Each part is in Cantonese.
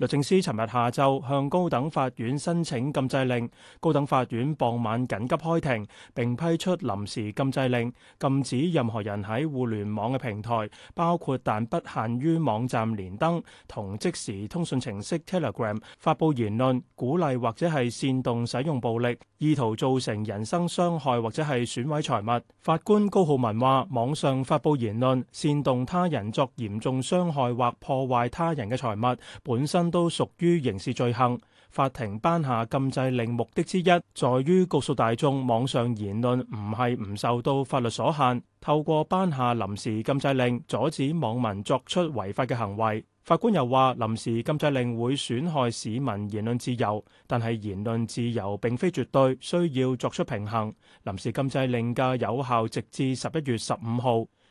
律政司尋日下晝向高等法院申請禁制令，高等法院傍晚緊急開庭並批出臨時禁制令，禁止任何人喺互聯網嘅平台，包括但不限於網站連登同即時通訊程式 Telegram 發佈言論，鼓勵或者係煽動使用暴力，意圖造成人身傷害或者係損毀財物。法官高浩文話：網上發佈言論，煽動他人作嚴重傷害或破壞他人嘅財物，本身都屬於刑事罪行。法庭頒下禁制令目的之一，在於告訴大眾網上言論唔係唔受到法律所限。透過頒下臨時禁制令，阻止網民作出違法嘅行為。法官又話，臨時禁制令會損害市民言論自由，但係言論自由並非絕對，需要作出平衡。臨時禁制令嘅有效直至十一月十五號。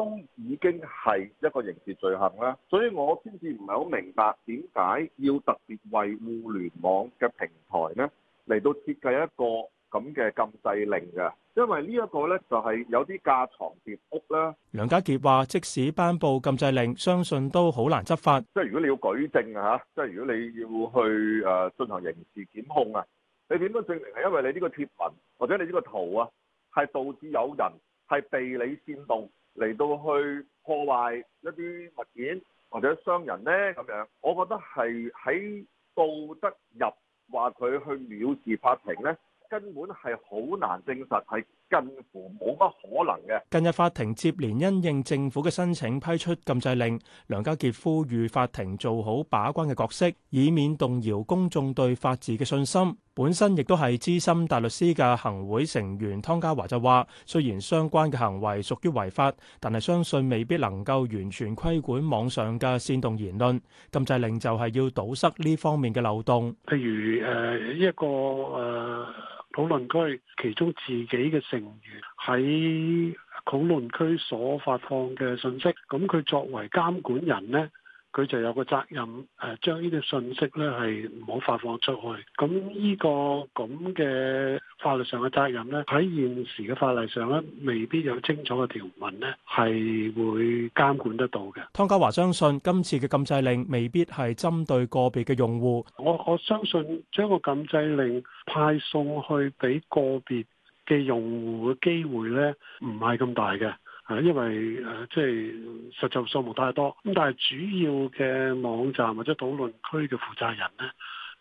都已經係一個刑事罪行啦，所以我先至唔係好明白點解要特別為互聯網嘅平台咧嚟到設計一個咁嘅禁制令嘅，因為呢一個呢，就係有啲架床疊屋啦。梁家傑話：即使頒布禁制令，相信都好難執法。即係如果你要舉證啊，即係如果你要去誒進行刑事檢控啊，你點都證明係因為你呢個貼文或者你呢個圖啊，係導致有人係被你煽動，嚟到去破壞一啲物件或者傷人呢，咁樣，我覺得係喺道德入話佢去藐視法庭呢，根本係好難證實係。近乎冇乜可能嘅。近日法庭接連因應政府嘅申請批出禁制令，梁家傑呼籲法庭做好把關嘅角色，以免動搖公眾對法治嘅信心。本身亦都係資深大律師嘅行會成員湯家驊就話，雖然相關嘅行為屬於違法，但係相信未必能夠完全規管網上嘅煽動言論。禁制令就係要堵塞呢方面嘅漏洞。譬如誒，uh, 一個誒。Uh, 討論區其中自己嘅成員喺討論區所發放嘅訊息，咁佢作為監管人呢。佢就有個責任，誒將呢啲信息咧係唔好發放出去。咁呢個咁嘅法律上嘅責任咧，喺現時嘅法例上咧，未必有清楚嘅條文咧，係會監管得到嘅。湯家驊相信今次嘅禁制令未必係針對個別嘅用戶。我我相信將個禁制令派送去俾個別嘅用戶嘅機會咧，唔係咁大嘅。因為誒，即係實際數目太多，咁但係主要嘅網站或者討論區嘅負責人咧，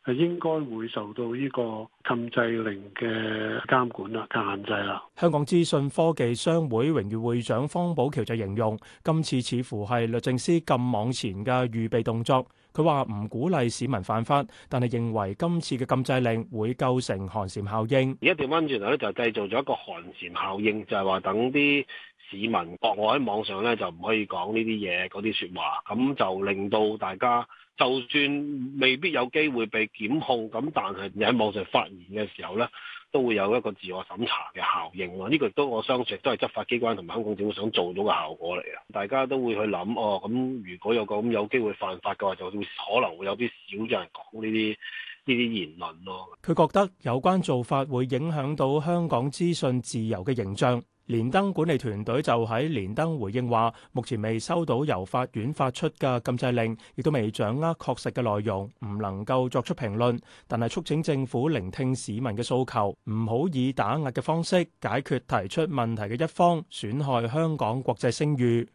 係應該會受到呢個禁制令嘅監管啦、限制啦。香港資訊科技商會榮譽會長方寶橋就形容，今次似乎係律政司禁網前嘅預備動作。佢話唔鼓勵市民犯法，但係認為今次嘅禁制令會構成寒蟬效應。而家調番轉頭咧，就製造咗一個寒蟬效應，就係話等啲市民覺我喺網上咧就唔可以講呢啲嘢嗰啲説話，咁就令到大家就算未必有機會被檢控，咁但係你喺網上發言嘅時候咧，都會有一個自我審查嘅效應咯，呢個亦都我相信都係執法機關同埋香港政府想做到嘅效果嚟啊！大家都會去諗哦，咁如果有個咁有機會犯法嘅話，就會可能會有啲少人講呢啲呢啲言論咯。佢覺得有關做法會影響到香港資訊自由嘅形象。連登管理團隊就喺連登回應話，目前未收到由法院發出嘅禁制令，亦都未掌握確實嘅內容，唔能夠作出評論。但係促請政府聆聽市民嘅訴求，唔好以打壓嘅方式解決提出問題嘅一方，損害香港國際聲譽。